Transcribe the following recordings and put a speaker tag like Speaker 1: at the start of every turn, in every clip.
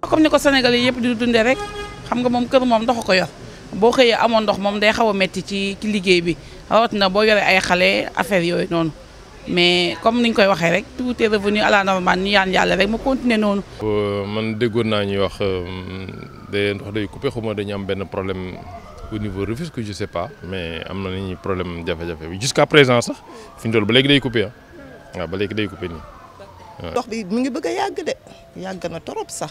Speaker 1: comme ni ko Sénégal yi yëpp di dundee rek xam nga moom kër moom ndox ko yor boo xëyee amoon ndox moom day xaw a metti ci liggéey bi na boo yoree ay xale affaire yooyu noonu mais comme ni ñu koy waxee rek tout est revenu à la normale ñu yaan yàlla rek mu continuer noonu.
Speaker 2: Euh, man déggoon naa ñuy wax euh, de ndox day coupé xuma dañu am benn problème au niveau Rufisque je sais pas mais am na nañu problème jafe-jafe bi jusqu'à présent sax fi ñu ba léegi day coupé ah day coupé
Speaker 3: a na trop sax.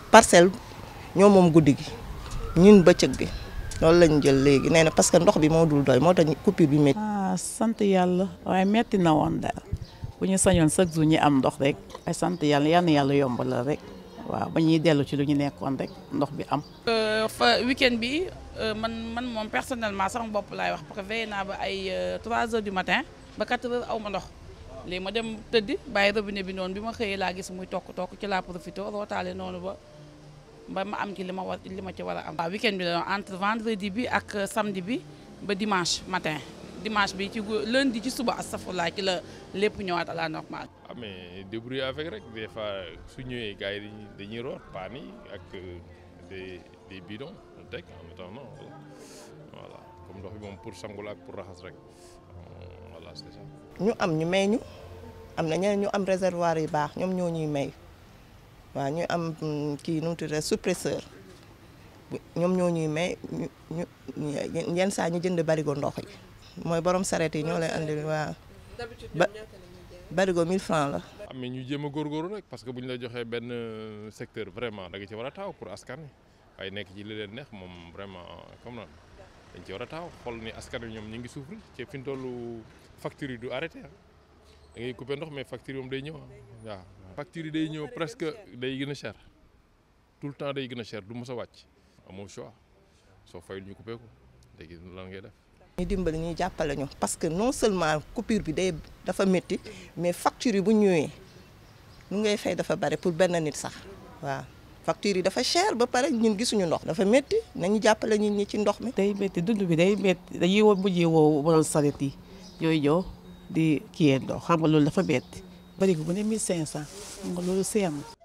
Speaker 3: parcelle ñoo moom guddi gi ñun bëccëg bi loolu lañ jël léegi nee na parce que ndox bi moo dul doy moo tax coupure bi métti. Ah, sant yàlla
Speaker 1: waaye metti na woon daal bu ñu sañoon chaque jour ñu am ndox rek ay sant yàlla yal na yàlla yombalal rek waaw ba ñuy dellu ci lu ñu nekkoon rek ndox bi am. Euh, fa weekend bi euh, man man moom personnellement sama bopp laay wax parce que veillé naa ba ay 3 euh, heures du matin ba 4 heures aw ma ndox. léegi ma dem tëdd bàyyi robinet bi noonu bi ma xëyee laa gis muy tokk-tokk ci laa profité rootaale noonu ba ba entre vendredi bi euh, samedi bi dimanche matin dimanche bi lundi ci suba astafurlah ci la à la normale.
Speaker 2: ah mais débrouiller avec rek des fois su qui ont dañuy euh, des des bidons en voilà comme pour sangul ak pour raxas rek voilà c'est ça.
Speaker 3: ñu am ñu may ñu am na am réservoir yu waaw ñu am mm, kii nu mu tudd suppresseur ñoom ñoo ñuy may ñu ñu yenn saa ñu jënd barigo ndox yi mooy borom sareet yi ñoo lay andil waaw. ba barigo 1000 francs la.
Speaker 2: am mais ñu jéem a góorgóorlu rek parce que bu ñu la joxee benn euh, secteur vraiment da nga ci war a taaw pour askan wi waaye nekk ci li leen neex moom vraiment comme noonu dañ ci war a taaw xool ni askan wi ñoom ñu ngi souffrir ci fi ñu toll facture yi du arrêté ah da ngay coupé ndox mais facture yi moom day ñëw ah waaw. facture yi day ñëw presque day gëna cher tout le temps day gëna cher du mësa wacc wàcc choix so fayul ñu couper ko léegi lan ngay def.
Speaker 3: ñu dimbali ñu jappalé ñu parce que non seulement coupure bi day dafa metti mais facture yi bu ñëwee nu ngay fay dafa bare pour ben nit sax waaw facture yi dafa cher ba pare ñun gisuñu ndox. dafa metti nañu jappalé ñun ñi ci ndox mi. day metti dund bi day metti dañuy mujjee woo borom saret yi ñooy ñëw
Speaker 1: di kii ndox xam nga loolu dafa métti. Barigo, me licença. Lucemos.